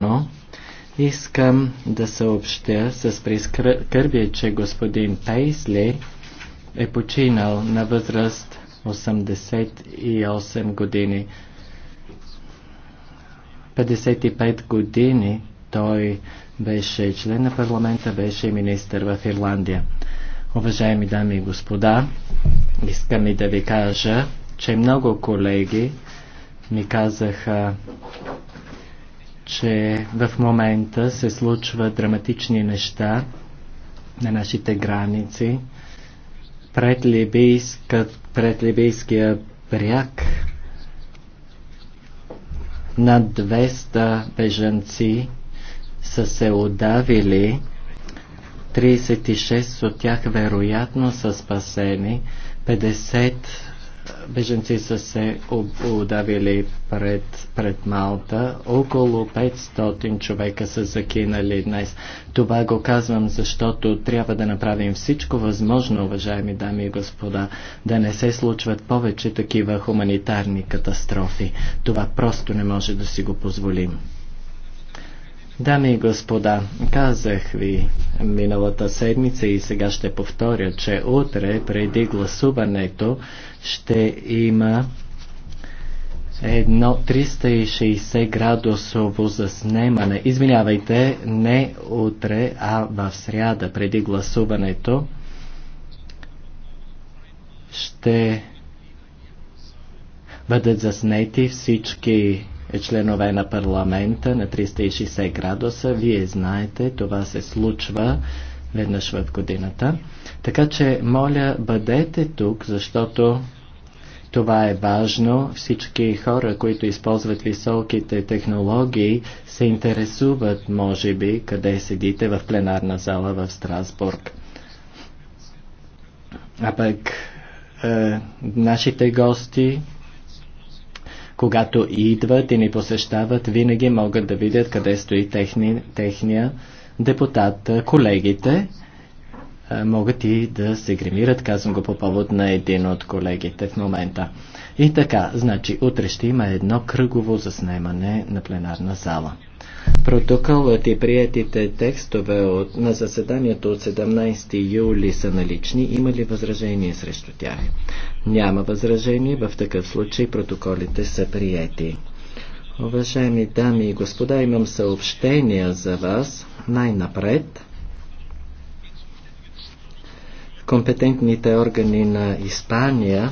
Но искам да съобщя с прискърбие, че господин Пейсли е починал на възраст 88 години. 55 години той беше член на парламента, беше министър в Ирландия. Уважаеми дами и господа, искам и да ви кажа, че много колеги ми казаха че в момента се случват драматични неща на нашите граници. Пред, Либийска, пред Либийския бряг над 200 бежанци са се удавили. 36 от тях вероятно са спасени. 50 беженци са се удавили пред, пред Малта. Около 500 човека са закинали днес. Това го казвам, защото трябва да направим всичко възможно, уважаеми дами и господа, да не се случват повече такива хуманитарни катастрофи. Това просто не може да си го позволим. Дами и господа, казах ви миналата седмица и сега ще повторя, че утре преди гласуването ще има едно 360 градусово заснемане. Извинявайте, не утре, а в сряда преди гласуването ще бъдат заснети всички е членове на парламента на 360 градуса. Вие знаете, това се случва веднъж в годината. Така че, моля, бъдете тук, защото това е важно. Всички хора, които използват високите технологии, се интересуват, може би, къде седите в пленарна зала в Страсбург. А пък е, нашите гости когато идват и ни посещават, винаги могат да видят къде стои техни, техния депутат. Колегите могат и да се гримират, казвам го по повод на един от колегите в момента. И така, значи, утре ще има едно кръгово заснемане на пленарна зала. Протоколът и приятите текстове от, на заседанието от 17 юли са налични. Има ли възражение срещу тях? Няма възражение. В такъв случай протоколите са приети. Уважаеми дами и господа, имам съобщения за вас. Най-напред. Компетентните органи на Испания